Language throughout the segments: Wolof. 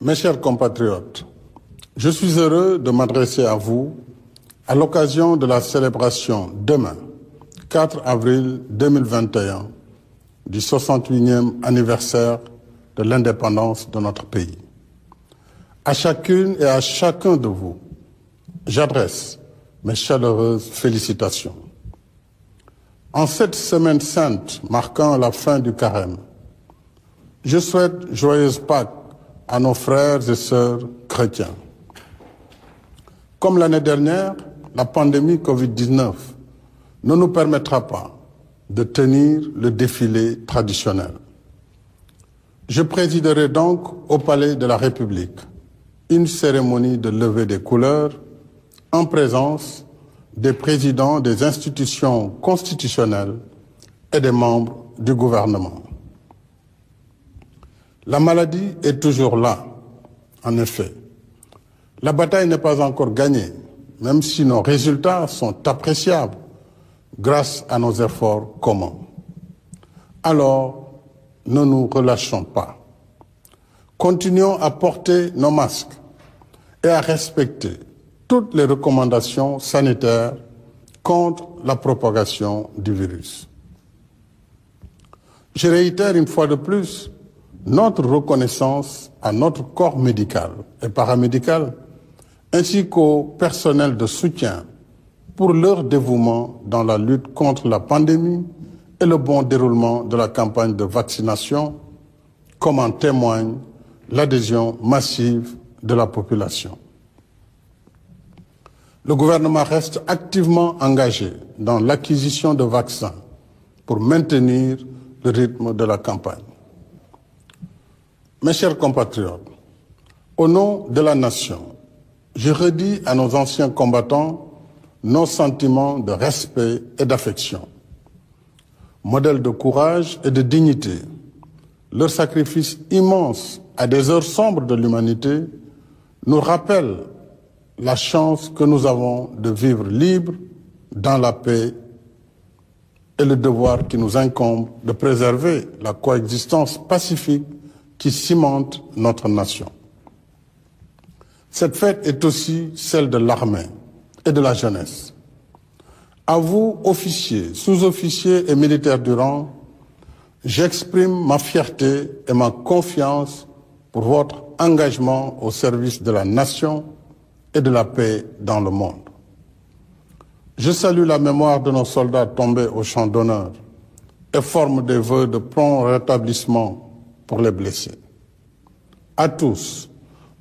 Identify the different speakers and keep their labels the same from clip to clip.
Speaker 1: Mes chers compatriotes, je suis heureux de m'adresser à vous à l'occasion de la célébration demain, 4 avril 2021, du 61e anniversaire de l'indépendance de notre pays. À chacune et à chacun de vous, j'adresse mes chaleureuses félicitations. En cette semaine sainte marquant la fin du carême, je souhaite joyeuse Pâques à nos frères et sœurs chrétiens. Comme l'année dernière, la pandémie Covid-19 ne nous permettra pas de tenir le défilé traditionnel. Je présiderai donc au Palais la République une cérémonie de levée des couleurs en des présidents des institutions constitutionnelles et des membres du gouvernement. La maladie est toujours là, en effet. La bataille n'est pas encore gagnée, même si nos résultats sont appréciables grâce à nos efforts communs. Alors, ne nous relâchons pas. Continuons à porter nos masques et à respecter toutes les recommandations sanitaires contre la propagation du virus. Je réitère une fois de plus notre reconnaissance à notre corps médical et paramédical, ainsi qu'au personnel de soutien pour leur dévouement dans la lutte contre la pandémie et le bon déroulement de la campagne de vaccination, comme en témoigne l'adhésion massive de la population. Le gouvernement reste activement engagé dans l'acquisition de vaccins pour maintenir le rythme de la campagne. Mes chers compatriotes, au nom de la nation, je redis à nos anciens combattants nos sentiments de respect et d'affection. Modèle de courage et de dignité, leur sacrifice immense à des heures sombres de l'humanité nous rappelle la chance que nous avons de vivre libre, dans la paix et le devoir qui nous incombe de préserver la coexistence pacifique qui cimente notre nation. Cette fête est aussi celle de l'armée et de la jeunesse. À vous, officiers, sous-officiers et militaires du rang, j'exprime ma fierté et ma confiance pour votre engagement au service de la nation et de la paix dans le monde. Je salue la mémoire de nos soldats tombés au champ d'honneur et forme des vœux de prompt rétablissement pour les blessés. À tous,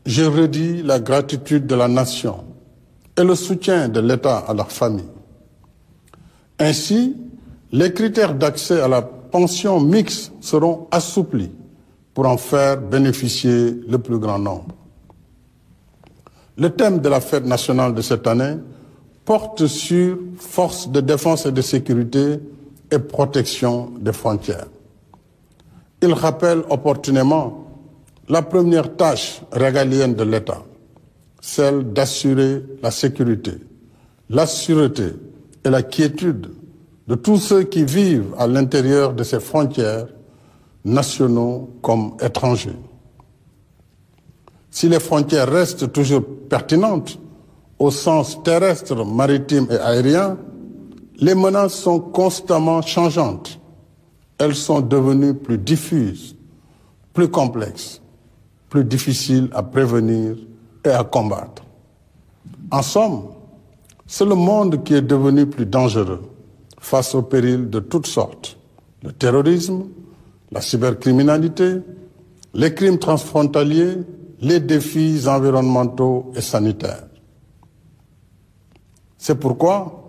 Speaker 1: je redis la gratitude de la nation et le soutien de l'État à leurs familles. Ainsi, les critères d'accès à la pension mixte seront assouplis pour en faire bénéficier le plus grand nombre. Le thème de la fête nationale de cette année porte sur forces de défense et de sécurité et protection des frontières. Il rappelle opportunément la première tâche régalienne de l'État, celle d'assurer la sécurité, la sûreté et la quiétude de tous ceux qui vivent à l'intérieur de ses frontières, nationaux comme étrangers. Si les frontières restent toujours pertinentes au sens terrestre, maritime et aérien, les menaces sont constamment changeantes elles sont devenues plus diffuses, plus complexes, plus difficiles à prévenir et à combattre. En somme, c'est le monde qui est devenu plus dangereux face aux périls de toutes sortes, le terrorisme, la cybercriminalité, les crimes transfrontaliers, les défis environnementaux et sanitaires. C'est pourquoi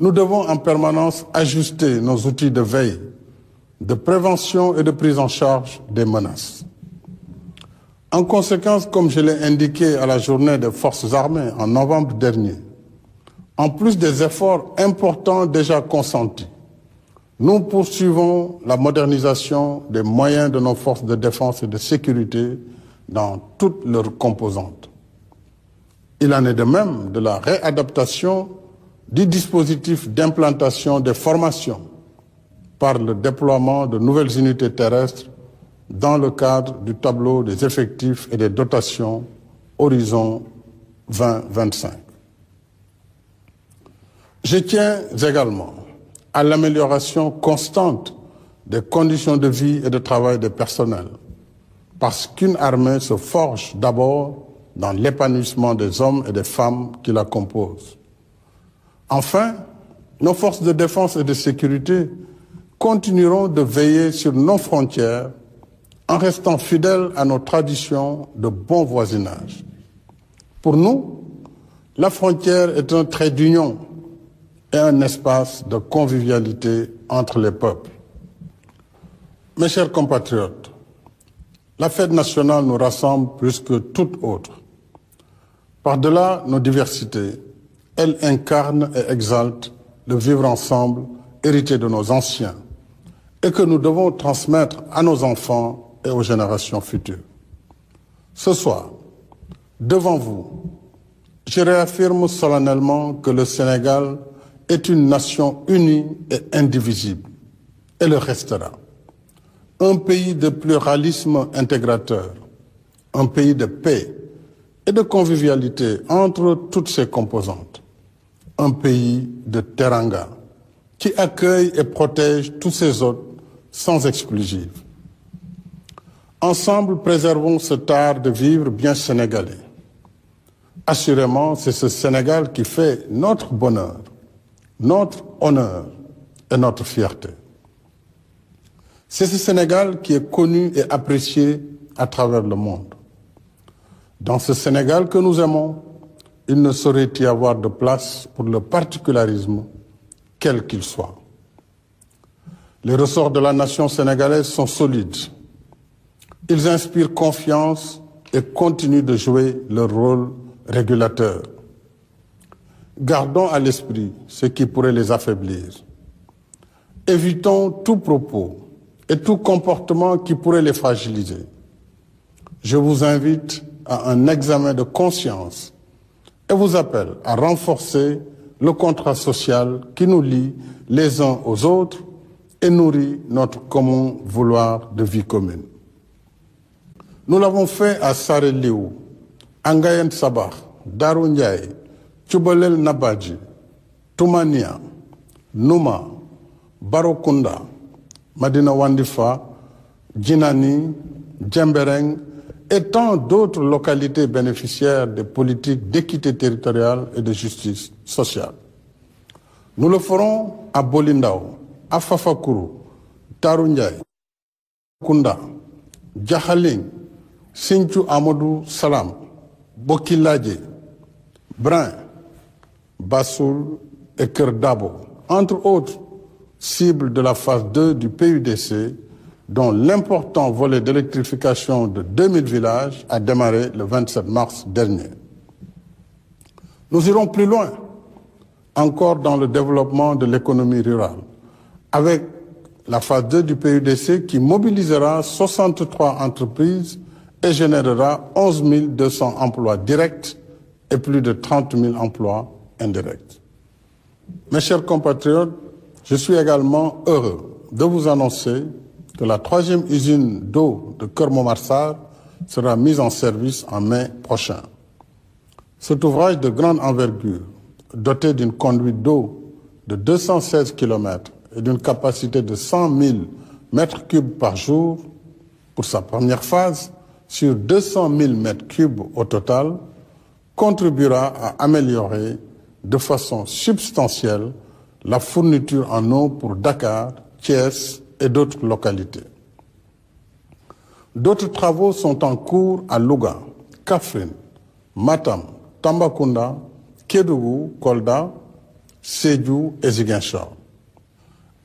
Speaker 1: nous devons en permanence ajuster nos outils de veille de prévention et de prise en charge des menaces. En conséquence, comme je l'ai indiqué à la journée des forces armées en novembre dernier, en plus des efforts importants déjà consentis, nous poursuivons la modernisation des moyens de nos forces de défense et de sécurité dans toutes leurs composantes. Il en est de même de la réadaptation du dispositif d'implantation des formations par le déploiement de nouvelles unités terrestres dans le cadre du tableau des effectifs et des dotations Horizon 2025. Je tiens également à l'amélioration des conditions de vie et de travail des personnels, parce qu'une armée se forge d'abord dans l'épanouissement des hommes et des femmes qui la composent. Enfin, nos de défense et de sécurité continuerons de veiller sur nos frontières en restant fidèles à nos traditions de bon voisinage. Pour nous, la frontière est un trait d'union et un espace de convivialité entre les peuples. Mes chers compatriotes, la fête nationale nous rassemble plus que toute autre. Par-delà nos diversités, elle incarne et exalte le vivre ensemble hérité de nos anciens et que nous devons transmettre à nos enfants et aux générations futures. Ce soir, devant vous, je réaffirme solennellement que le Sénégal est une nation unie et indivisible, et le restera. Un pays de pluralisme intégrateur, un pays de paix et de convivialité entre toutes ses composantes, un pays de teranga qui accueille et protège tous ses hôtes sans exclusive. Ensemble, préservons cet art de vivre bien sénégalais. Assurément, c'est ce Sénégal qui fait notre bonheur, notre honneur et notre fierté. C'est ce Sénégal qui est connu et apprécié à travers le monde. Dans ce Sénégal que nous aimons, il ne saurait y avoir de place pour le particularisme, quel qu'il soit. Les ressorts de la nation sénégalaise sont solides. Ils inspirent confiance et continuent de jouer leur rôle régulateur. Gardons à l'esprit ce qui pourrait les affaiblir. Évitons tout propos et tout comportement qui pourrait les fragiliser. Je vous invite à un examen de conscience et vous appelle à renforcer le contrat social qui nous lie les uns aux autres et nourrit notre commun vouloir de vie commune. Nous l'avons fait à Sareliou, Angayen Sabah, Darou Ndiaye, Tchoubalel Nabadji, Toumania, Nouma, Barokunda, Madina Wandifa, Djinani, Djembereng et tant d'autres localités bénéficiaires des politiques d'équité territoriale et de justice sociale. Nous le ferons à Bolindao, afafakuru taru njaay kunda jaxaling sincu amadou salam bokki laaje brin bassoul et kër dabo entre autres cibles de la phase 2 du PUDC dont l'important volet d'électrification de 2000 villages a démarré le 27 mars dernier. Nous irons plus loin encore dans le développement de l'économie rurale avec la phase 2 du PUDC qui mobilisera 63 entreprises et générera 11 200 emplois directs et plus de 30 000 emplois indirects. Mes chers compatriotes, je suis également heureux de vous annoncer que la troisième usine d'eau de Kermomarsar sera mise en service en mai prochain. Cet ouvrage de grande envergure, doté d'une conduite d'eau de 216 km et d'une capacité de 100 000 mètres cubes par jour pour sa première phase sur 200 000 mètres cubes au total contribuera à améliorer de façon substantielle la fourniture en eau pour Dakar, Thiès et d'autres localités. D'autres travaux sont en cours à Louga, Kaffrine, Matam, Tambacounda, Kédougou, Kolda, Sédhiou et Ziguinchor.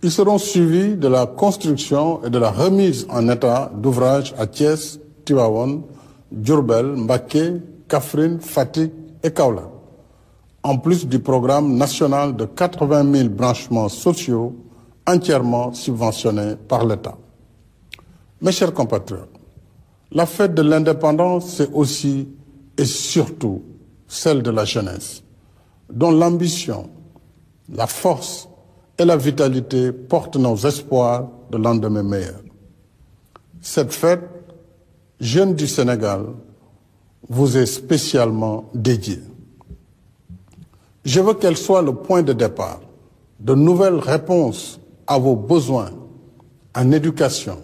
Speaker 1: Ils seront suivis de la construction et de la remise en état d'ouvrages à Thiès, Tivaouane, Diourbel, Mbacké, Kaffrine, Fatick et Kaolack. En plus du programme national de 80 000 branchements sociaux entièrement subventionnés par l'État. Mes chers compatriotes, la fête de l'indépendance, c'est aussi et surtout celle de la jeunesse, dont l'ambition, la force et la vitalité portent nos espoirs de lendemain meilleur. Cette fête, Jeunes du Sénégal, vous est spécialement dédiée. Je veux qu'elle soit le point de départ de nouvelles réponses à vos besoins en éducation,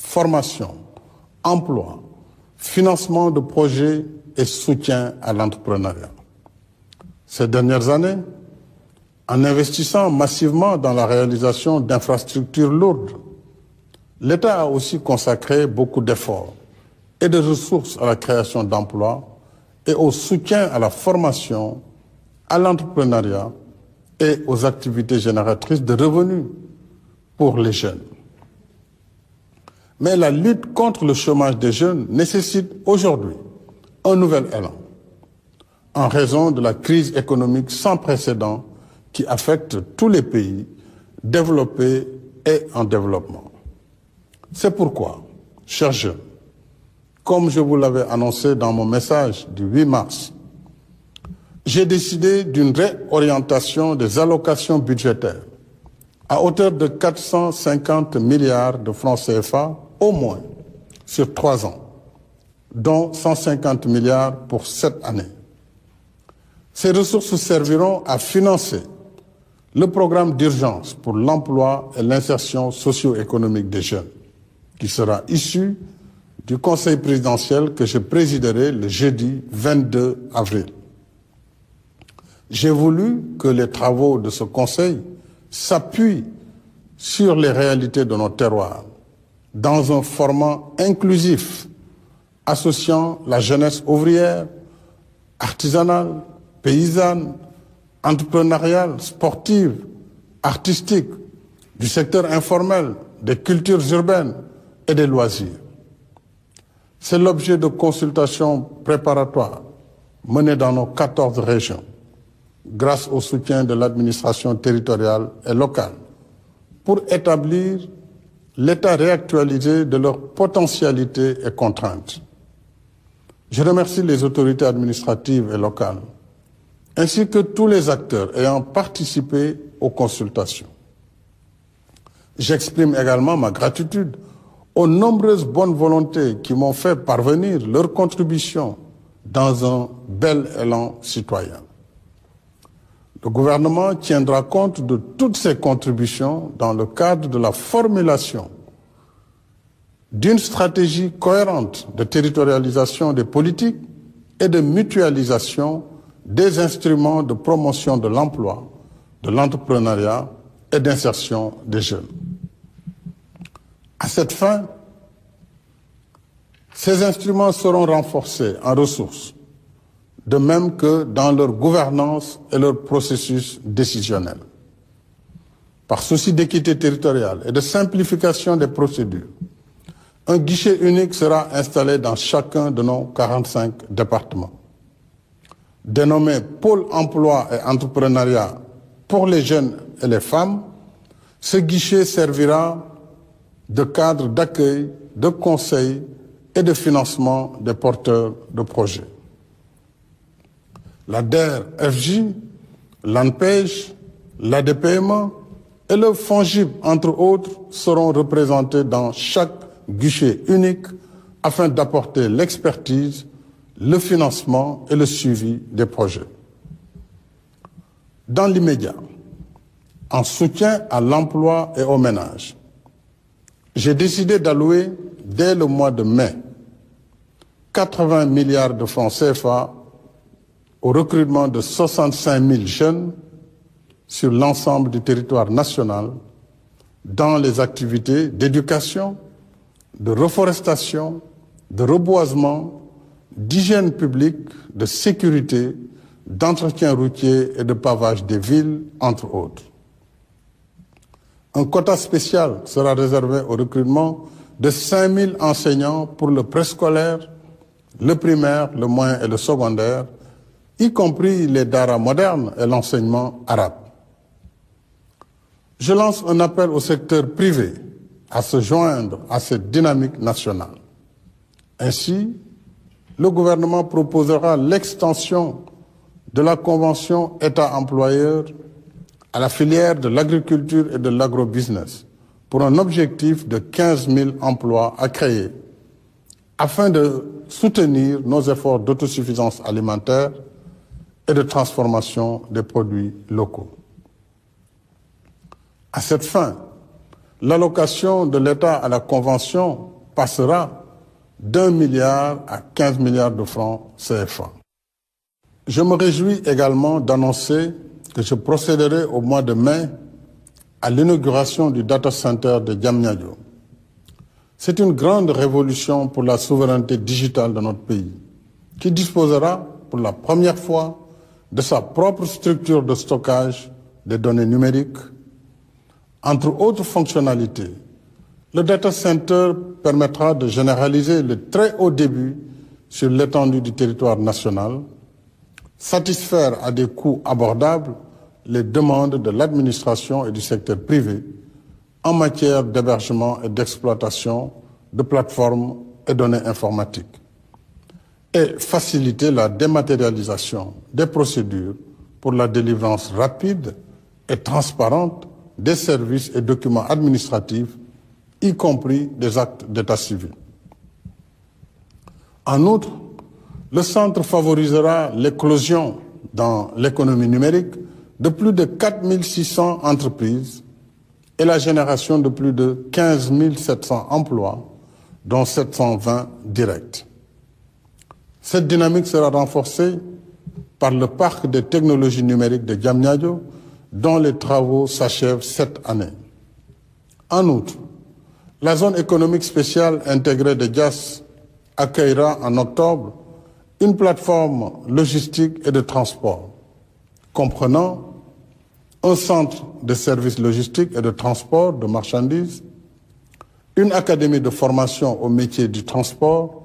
Speaker 1: formation, emploi, financement de projets et soutien à l'entrepreneuriat. Ces dernières années, En investissant massivement dans la réalisation d'infrastructures lourdes, l'État a aussi consacré beaucoup d'efforts et de ressources à la création d'emplois et au soutien à la formation, à l'entrepreneuriat et aux activités génératrices de revenus pour les jeunes. Mais la lutte contre le chômage des jeunes nécessite aujourd'hui un nouvel élan en raison de la crise économique sans précédent qui affecte tous les pays développés et en développement. C'est pourquoi, chers jeunes, comme je vous l'avais annoncé dans mon message du 8 mars, j'ai décidé d'une réorientation des allocations budgétaires à hauteur de 450 milliards de francs CFA au moins sur trois ans, dont 150 milliards pour cette année. Ces ressources serviront à financer le programme d'urgence pour l'emploi et l'insertion socio-économique des jeunes, qui sera issu du Conseil présidentiel que je présiderai le jeudi 22 avril. J'ai voulu que de ce Conseil s'appuient sur les réalités de nos terroirs, dans un format inclusif, associant la jeunesse ouvrière, artisanale, paysanne, entrepreneuriale, sportive, artistique, du secteur informel, des cultures urbaines et des loisirs. C'est l'objet de consultations préparatoires menées dans nos 14 régions, grâce au soutien de l'administration territoriale et locale, pour établir l'état réactualisé de leurs potentialités et contraintes. Je remercie les autorités administratives et locales ainsi que tous les acteurs ayant participé aux consultations. J'exprime également ma gratitude aux nombreuses bonnes volontés qui m'ont fait parvenir leurs contributions dans un bel élan citoyen. Le gouvernement tiendra compte de toutes ces contributions dans le cadre de la formulation d'une stratégie cohérente de territorialisation des politiques et de mutualisation des instruments de promotion de l'emploi, de l'entrepreneuriat et d'insertion des jeunes. À cette fin, ces instruments seront renforcés en ressources, de même que dans leur gouvernance et leur processus décisionnel. Par souci d'équité territoriale et de simplification des procédures, un guichet unique sera installé dans chacun de nos 45 départements. dénommé Pôle emploi et entrepreneuriat pour les jeunes et les femmes, ce guichet servira de cadre d'accueil, de conseil et de financement des porteurs de projets. La DER-FJ, l'ANPEJ, l'ADPM et le FONGIP, entre autres, seront représentés dans chaque guichet unique afin d'apporter l'expertise le financement et le suivi des projets. Dans l'immédiat, en soutien à l'emploi et aux ménages, j'ai décidé d'allouer dès le mois de mai 80 milliards de francs CFA au recrutement de 65 000 jeunes sur l'ensemble du territoire national dans les activités d'éducation, de reforestation, de d'hygiène publique, de sécurité, d'entretien routier et de pavage des villes, entre autres. Un quota spécial sera réservé au recrutement de 5000 enseignants pour le préscolaire, le primaire, le moyen et le secondaire, y compris les daras modernes et l'enseignement arabe. Je lance un appel au secteur privé à se joindre à cette dynamique nationale. Ainsi, le gouvernement proposera l'extension de la convention État-employeur à la filière de l'agriculture et de l'agrobusiness pour un objectif de 15 000 emplois à créer afin de soutenir nos efforts d'autosuffisance alimentaire et de transformation des produits locaux. À cette fin, l'allocation de l'État à la Convention passera d'un milliard à 15 de francs CFA. Je me réjouis également d'annoncer que je procéderai au mois de mai à l'inauguration du data center de Diamniadio. C'est une grande révolution pour la souveraineté digitale de notre pays, qui disposera pour la première fois de sa propre structure de stockage des données numériques. Entre autres fonctionnalités, le data center permettra de généraliser le très haut début sur l'étendue du territoire national, satisfaire à des coûts abordables les demandes de l'administration et du secteur privé en matière d'hébergement et d'exploitation de plateformes et données informatiques, et faciliter la dématérialisation des procédures pour la délivrance rapide et transparente des services et documents administratifs y compris des actes d'état civil. En outre, le centre favorisera l'éclosion dans l'économie numérique de plus de 4 600 entreprises et la génération de plus de 15 700 emplois, dont 720 directs. Cette dynamique sera renforcée par le parc des technologies numériques de Diamniadio, dont les travaux s'achèvent cette année. En outre, La zone économique spéciale intégrée de Dias accueillera en octobre une plateforme logistique et de transport comprenant un centre de services logistiques et de transport de marchandises, une académie de formation au métier du transport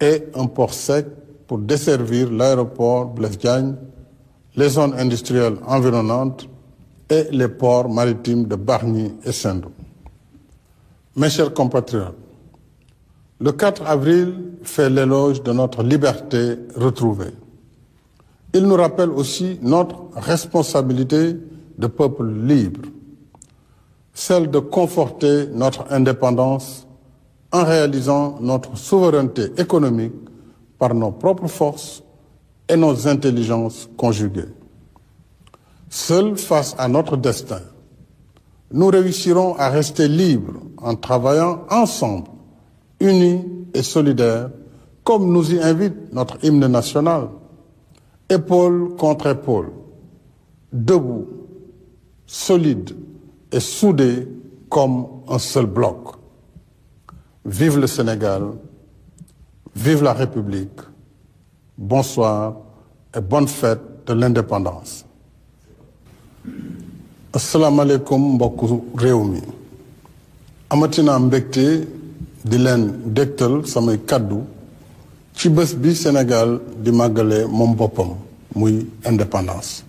Speaker 1: et un port sec pour desservir l'aéroport Blaise Diagne, les zones industrielles environnantes et les ports maritimes de Bargny et Sendou. Mes chers compatriotes, le 4 avril fait l'éloge de notre liberté retrouvée. Il nous rappelle aussi notre responsabilité de peuple libre, celle de conforter notre indépendance en réalisant notre souveraineté économique par nos propres forces et nos intelligences conjuguées. Seul face à notre destin, nous réussirons à rester libres en travaillant ensemble, unis et solidaires, comme nous y invite notre hymne national, épaule contre épaule, debout, solide et soudés comme un seul bloc. Vive le Sénégal, vive la République, bonsoir et bonne fête de l'indépendance. asalaamaaleykum mbokku réew mi amati naa mbégte di leen dégtal samay kàddu ci bés bi Sénégal di màggale moom boppam muy indépendance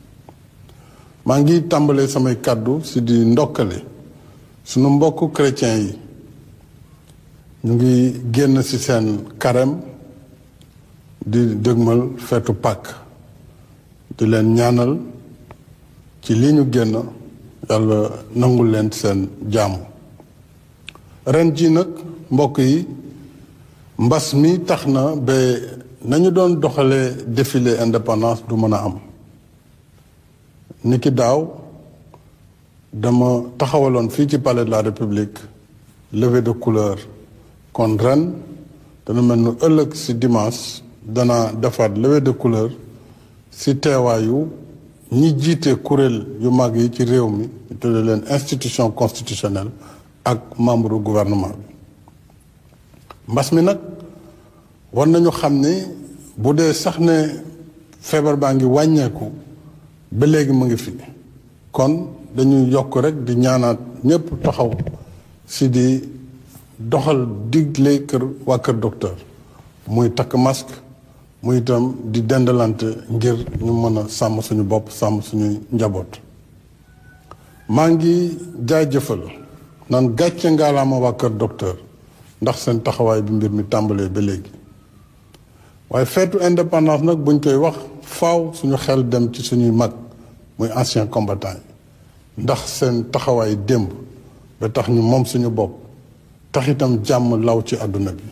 Speaker 1: maa ngi tàmbalee samay kàddu si di ndokkale sunu mbokku chrétien yi ñu ngi génn ci seen carême di dëgmal feetu Pâques di leen ñaanal ci li ñu génn yàlla nangul leen seen jàmm ren jii nag mbokk yi mbas mi tax na ba nañu doon doxalee défilé indépendance du mën a am niki daaw dama taxawaloon fii ci palais de la république levée de couleur kon ren dana mel ni ëllëg si dimanche dana defaat levée de couleur si teewaayu ñi jiite kuréel yu mag yi ci réew mi ñu tudde leen institution constitutionnelle ak membre du gouvernement bi mbas mi nag war nañu xam ni bu dee sax ne feebar baa ngi wàññeeku ba léegi mu ngi fi kon dañuy yokk rek di ñaanaat ñépp taxaw si di doxal digle kër waa kër docteur muy takk masque mu itam di dendalante ngir ñu mën a sàmm suñu bopp sàmm suñuy njaboot maa ngi jaajëfal naan gàcce ngaalaama waa kër docteur ndax seen taxawaay bi mbir mi tàmbalee ba léegi waaye feetu indépendance nag buñ koy wax faaw suñu xel dem ci suñuy mag muy ancien combattant yi ndax seen taxawaay démb ba tax ñu moom suñu bopp tax itam jàmm law ci àdduna bi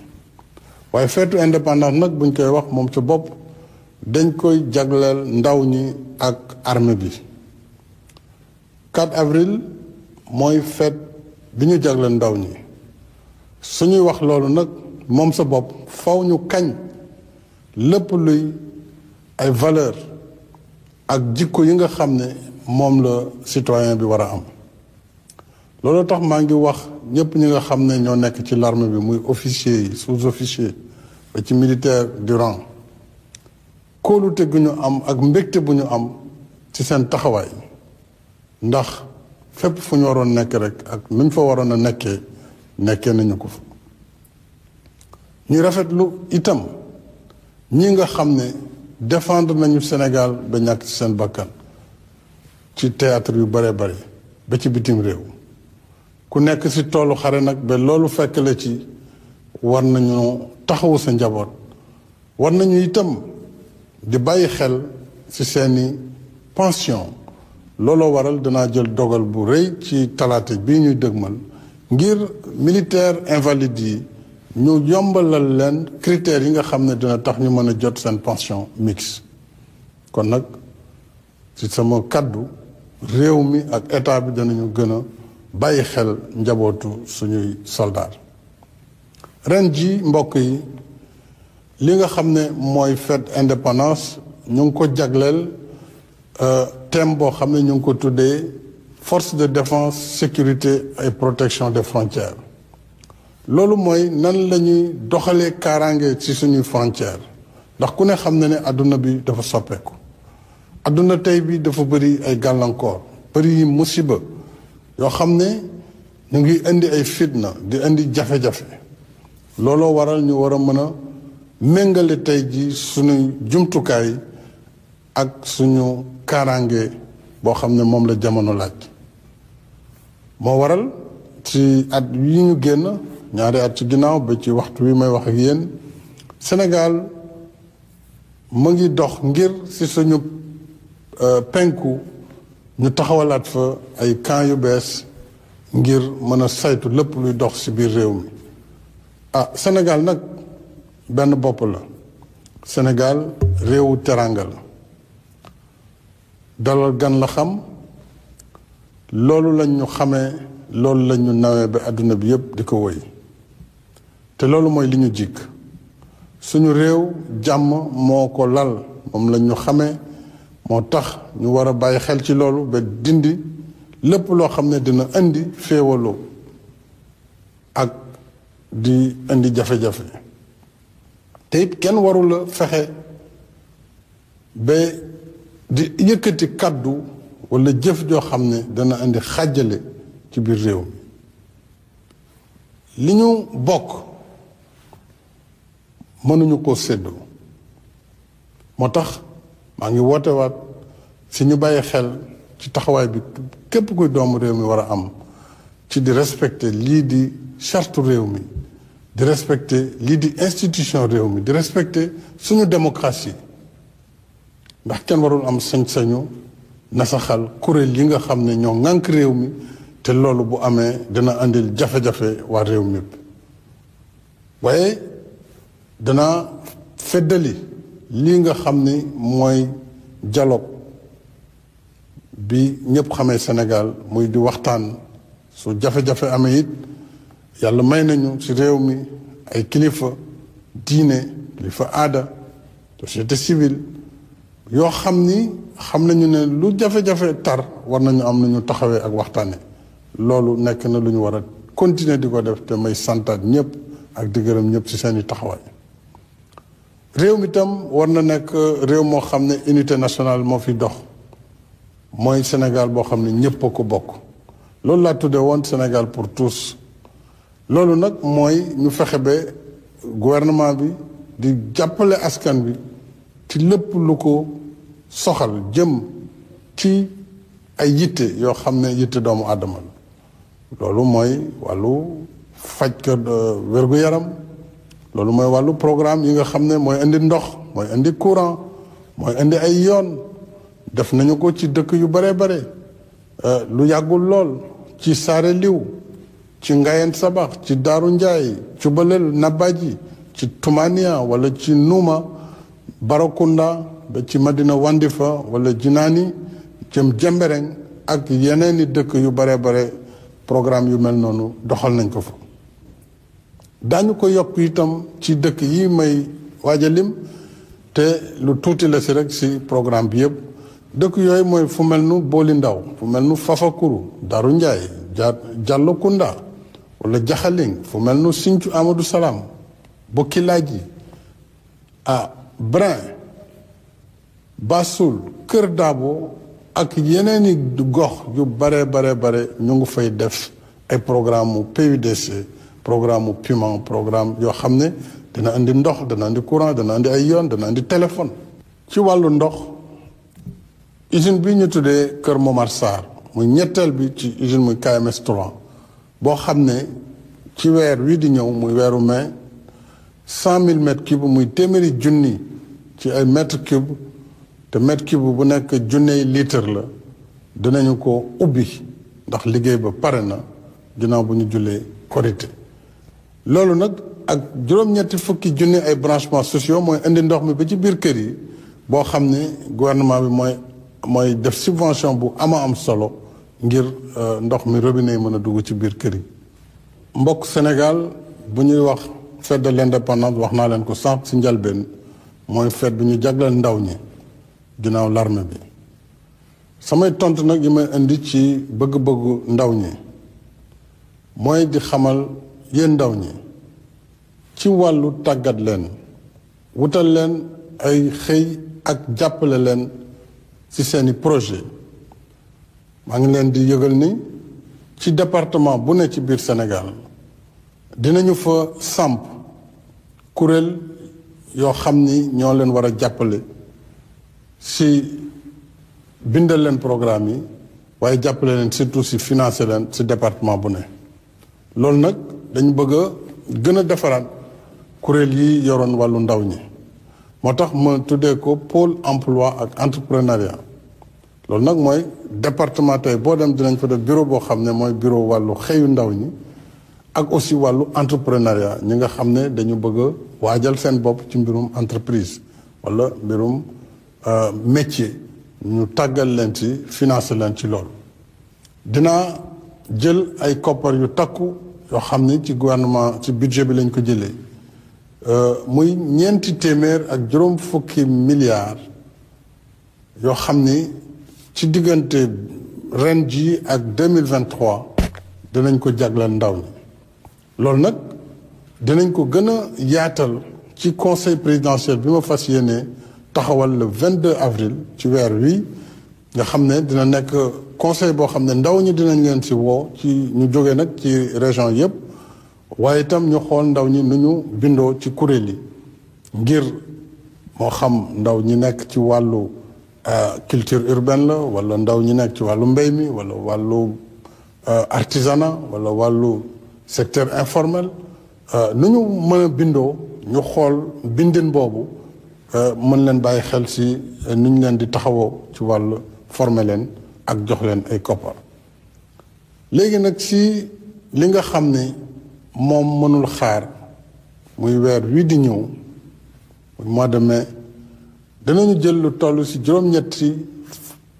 Speaker 1: waaye feetu indépendance nag buñ koy wax moom ci bopp dañ koy jagleel ndaw ñi ak armée bi 4 avril mooy feet bi ñu jagleel ndaw ñi suñuy wax loolu nag moom sa bopp faw ñu kañ lépp luy ay valeur ak jikko yi nga xam ne moom la citoyen bi war a am loolu tax maa ngi wax ñëpp ñi nga xam ne ñoo nekk ci l'armée bi muy officier yi sous-officier ba ci militaire du rang kóolute gu ñu am ak mbégte bu ñu am ci seen taxawaay ndax fépp fu ñu waroon nekk rek ak nu fa waroon a nekkee nekkee nañu ko fa ñu rafetlu itam ñi nga xam ne défendre nañu Sénégal ba ñàkk ci seen bakkan ci théâtre yu bare bare ba ci bitim réew ku nekk ci toolu xare nag ba loolu fekk la ci war nañu taxawu sa njaboot war nañu itam di bàyyi xel ci seeni pension looloo waral danaa jël dogal bu rëy ci talaata bii ñuy dëgmal ngir militaire invalide yi ñu yombalal leen critères yi nga xam ne dina tax ñu mën a jot seen pension mixte kon nag ci sama kàddu réew mi ak état bi danañu gën a bàyyi xel njabootu suñuy soldaar ren ji mbokk yi li nga xam ne mooy fête indépendance ñu ngi ko jagleel euh, thème boo xam ne ñu ngi ko tuddee force de défense sécurité ay protection des frontières loolu mooy nan la ñuy doxalee kaaraange ci suñuy frontière ndax ku ne xam na ne àdduna bi dafa soppeeku adduna tey bi dafa bëri ay gàllankoor bëri yi musiba yoo xam ne ñu ngi indi ay fitna di indi jafe-jafe looloo waral ñu war a mën a méngale tey ji suñuy jumtukaay ak suñu kaaraange boo xam ne moom la jamono laaj moo waral ci at yi ñu génn ñaari at ci ginnaaw ba ci waxtu wi may wax ak yéen senegal mu ngi dox ngir ci suñu euh, penku ñu taxawalaat fa ay camps yu bees ngir mën a saytu lépp luy dox ci biir réew mi ah senegal nag benn bopp la senegal réewu teranga la dalal gan la xam loolu lañ ñu xamee loolu lañ ñu nawee ba àdduna bi yépp di ko wéy te loolu mooy li ñu jikk suñu réew jàmm moo ko lal moom lañ ñu xamee moo tax ñu war a bàyyi xel ci loolu ba dindi lépp loo xam ne dina indi féewaloo ak di indi jafe-jafe te kenn warula fexe ba di yëkkati kàddu walla jëf joo xam ne dana indi xàjjale ci biir réew mi li ñu bokk mënuñu koo seddoo moo tax maa ngi woote waat si ñu bàyyi xel ci taxawaay bi képp kuy doomu réew mi war a am ci di respecter lii di charte réew mi di respecter lii di institution réew mi di respecter suñu démocratie ndax kenn warul am sañ-sañu nasaxal kuréel yi nga xam ne ñoo ŋànk réew mi te loolu bu amee dina andil jafe-jafe waa réew mi yëpp waaye dana feddali lii nga xam ni mooy dialogue bi ñépp xamee Sénégal muy di waxtaan su jafe-jafe amee it yàlla may nañu ci réew mi ay kilifa diine kilifa aada société civile yoo xam ni xam nañu ne lu jafe-jafe tar war nañu am nañu taxawee ak waxtaane loolu nekk na lu ñu war a continuer di ko def te may santaat ñëpp ak di gërëm ñëpp ci seeni taxawaay réew mi tam war na nekk réew moo xam ne unité nationale moo fi dox mooy Sénégal boo xam ne ñëpp ko bokk loolu laa tudde woon Sénégal pour tous loolu nag mooy ñu fexe ba gouvernement bi di jàppale askan bi ci lépp lu ko soxal jëm ci ay yitte yoo xam ne yitte doomu aadama la loolu mooy wàllu faj ko euh, wér yaram loolu mooy wàllu programme yi nga xam ne mooy indi ndox mooy indi courant mooy indi ay yoon def nañu ko ci dëkk yu bare bare euh, lu yàggul lool ci saare liw ci Ngayeen Sabax ci Daaru Njaay ci Balel ci Tumania walla ci Nuuma Barakunda ci Madina Wandifa wala Jinaani jëm Jembereng ak yeneeni dëkk yu bare bare programme yu mel noonu doxal nañ ko fa daañu ko yokk itam ci dëkk yi may waajalim te lu tuuti la si rek si programme bi yëpp dëkk yooyu mooy fu mel nu Booli Ndaw fu mel nu Fafakuru daaru Njaay Jallo Kunda wala jaxaling fu mel no Sinthiou Amadou Salam Bokiladji ah Brin Bassoul Kër daabo ak yeneen i gox yu bare bare bare ñu ngi fay def ay programme mu PUDC programme mu programme yoo xam ne dana andi ndox dana andi courant dana andi ay yoon dana andi téléphone ci wàllu ndox usine bi ñu tuddee Kër Momar Sarr muy ñetteel bi ci usine muy KMS 3 boo xam ne ci weer wii di ñëw muy weeru mais cent mille mètres muy téeméeri junni ci ay mètres cubes te mètre cube bu nekk junney litre la dinañu ko ubbi ndax liggéey ba pare na ginnaaw bu ñu jullee korité loolu nag ak juróom-ñetti fukki junni ay branchements sociaux mooy indi ndox mi ba ci biir kër yi boo xam ne gouvernement bi mooy mooy def subvention bu ama am solo ngir euh, ndox mi robinet yi mën a dugg ci biir kër yi. mbokk Sénégal bu ñuy wax fête de l'indépendance wax naa leen ko sànq si njalbeen mooy fête bi ñu jagleel ndaw ñi ginnaaw l'armée bi samay tont nag yi may indi ci bëgg-bëggu ndaw ñi mooy di xamal yéen ndaw ñi ci wàllu tàggat leen wutal leen ay xëy ak jàppale leen ci seeni projet maa ngi leen di yëgal ni ci département bu ne ci biir Sénégal dinañu fa samp kuréel yoo xam ni ñoo leen war a jàppale si bindal leen programme yi waaye jàppale leen surtout si financer leen si département bu ne loolu nag dañ bëgg a gën a defaraat kuréel yi yoroon wàllu ndaw ñi moo tax ma tuddee ko pôle emploi ak entrepreneuriat loolu nag mooy département tey boo dem dinañ fa def bureau boo xam ne mooy bureau wàllu xëyu ndaw ñi ak aussi wàllu entrepreneuriat ñi nga xam ne dañu bëgg waajal seen bopp ci mbirum entreprise wala mbirum euh, métier ñu tàggal leen ci financer leen ci lool dinaa jël ay koppar yu takku yoo xam ni ci gouvernement ci budget bi lañ ko jëlee euh, muy ñeenti téeméer ak juróom fukki milliards yoo xam ni ci diggante ren ji ak deux mille vingt trois dinañ ko jagleel ndaw ñi loolu nag dinañ ko gën a yaatal ci conseil présidentiel bi ma fas yéene taxawal le vingt deux avril ci weer wi nga xam ne dina nekk conseil boo xam ne ndaw ñi dinañ leen si wow ci ñu jóge nag ci région yëpp waaye itam ñu xool ndaw ñi nu ñu bindoo ci kuréel yi ngir moo xam ndaw ñi nekk ci wàllu Euh, culture urbaine la wala ndaw ñi nekk ci wàllu mbéy mi wala wàllu euh, artisanat wala wàllu secteur informel euh, nu ñu mën bindoo ñu xool bindin boobu mën leen bàyyi xel si nu ñu leen di taxawoo ci wàllu former leen ak jox leen ay koppar léegi nag si li nga xam ni moom mënul xaar muy weer wii di ñëw mois de mais danañu jël lu toll ci juróom-ñetti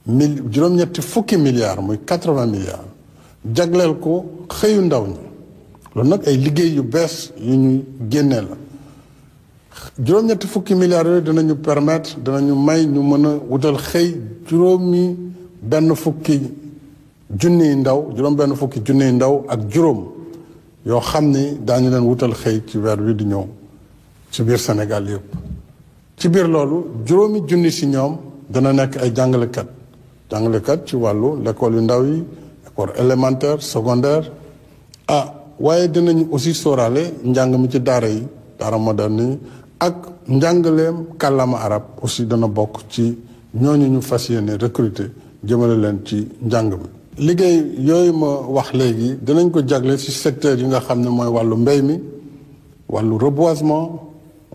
Speaker 1: mil juróom-ñetti fukki milliards muy quatre-vingts milliards jagleel ko xëyu ndaw ñi loolu nag ay liggéey yu bees yu ñuy génnee la juróom-ñetti fukki milliards yooyu danañu permettre danañu may ñu mën a wutal xëy juróomi benn fukki junniy ndaw juróom benn fukki junniy ndaw ak juróom yoo xam ni daañu leen wutal xëy ci weer wi di ñëw ci biir Sénégal yëpp. ci biir loolu juróomi junni si ñoom dana nekk ay jàngalekat jàngalekat ci wàllu l'école yu ndaw yi école élémentaire secondaire ah waaye dinañ aussi sóoraale njàng mi ci daara yi daara moderne yi ak njàngaleem kàllaama arab aussi dana bokk ci ñooñu ñu fas yéene recruter jëmale leen ci njàng mi. liggéey yooyu ma wax léegi dinañ ko jagle ci secteur yi nga xam ne mooy wàllu mbéy mi wàllu reboisement.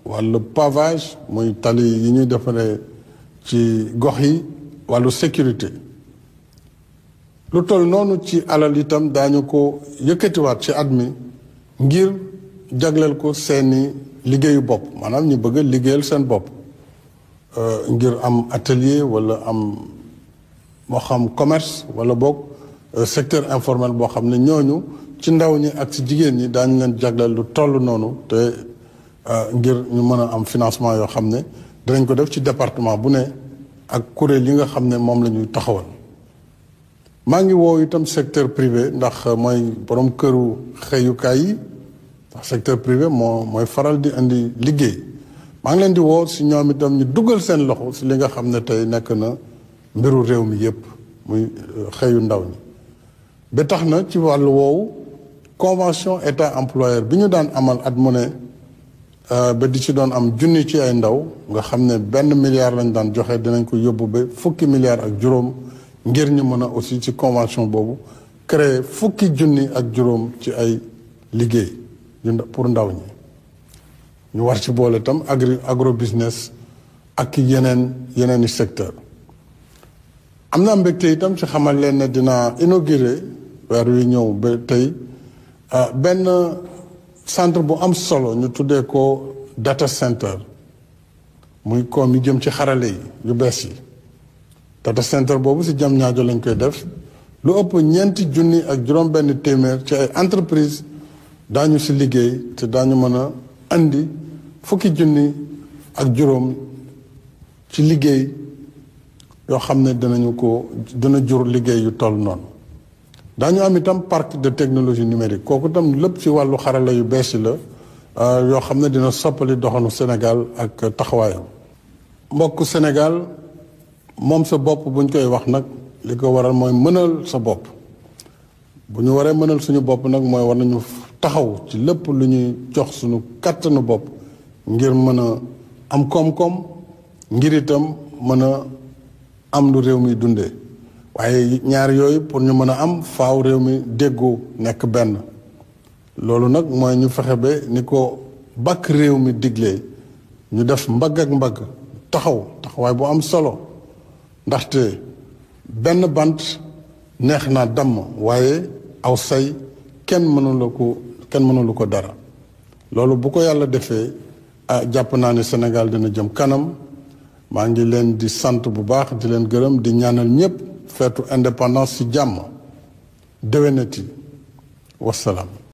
Speaker 1: wàllu pavage muy tali yi ñuy defaree ci gox yi wàllu sécurité lu toll noonu ci alal yitam daañu ko yëkkatiwaat ci at mi ngir jagleel ko seeni liggéeyu bopp maanaam ñu bëgg a liggéeyal seen bopp euh, ngir am atelier walla am moo xam commerce walla boog euh, secteur informel boo xam ne ñooñu ci ndaw ñi ak ci jigéen ñi daañu ngeen jagleel lu toll noonu te Euh, ngir ñu mën a am financement yoo xam ne danañ ko def ci département bu ne ak kuréel yi nga xam ne moom la ñuy taxawal maa ngi woo itam secteur privé ndax mooy borom këru xëyukaay yi ndax secteur privé moo mooy faral di indi liggéey maa ngi leen di woo si ñoom itam ñu dugal seen loxo si li nga xam ne tey nekk na mbiru réew mi yépp muy euh, xëyu ndaw ñi ba tax na ci wàllu woowu convention état employeur bi ñu daan amal at mu ne Euh, ba di ci doon am junni ci ay ndaw nga xam ne benn milliard lañ daan joxe dinañ ko yóbbu ba fukki milliard ak juróom ngir ñu mën a aussi ci convention boobu créer fukki junni ak juróom ci ay liggéey pour ndaw ñi ñu war ci boole itam agri agro business ak yeneen yeneen i secteur am naa mbégte itam ci xamal leen ne dinaa inauguré weer yu ñëw ba tey euh, benn centre bu am solo ñu tuddee ko data center muy koom yi jëm ci xarale yi yu bees yi data centre boobu si jam ñaajo lañ koy def lu ëpp ñeenti junni ak juróom-benn téeméer ci ay entreprise daañu ci liggéey te daañu mën a indi fukki junni ak juróom ci liggéey yoo xam ne dinañu ko dina jur liggéey yu toll noonu daañu am itam parc de technologie numérique kooku itam lépp ci wàllu xarala yu bees yi la euh, yoo xam ne dina soppali doxanu Sénégal ak taxawaayam mbokk Sénégal moom sa bopp buñ koy wax nag li ko waral mooy mënal sa bopp bu ñu waree mënal suñu bopp nag mooy war nañu taxaw ci lépp lu ñuy jox suñu kàttanu bopp ngir mën a am koom-koom ngir itam mën a am lu réew mi dundee waaye ñaar yooyu pour ñu mën a am faaw réew mi déggoo nekk benn loolu nag mooy ñu fexe ba ni ko bakk réew mi diglee ñu def mbagg ak mbagg taxaw taxawaay bu am solo ndaxte benn bant neex naa damm waaye aw say kenn mënula ko kenn mënula ko dara loolu bu ko yàlla defee ah jàpp naa ne Sénégal dina jëm kanam maa ngi leen di sant bu baax di leen gërëm di ñaanal ñëpp feetu indépendance ci jàmm déwénati wasalaam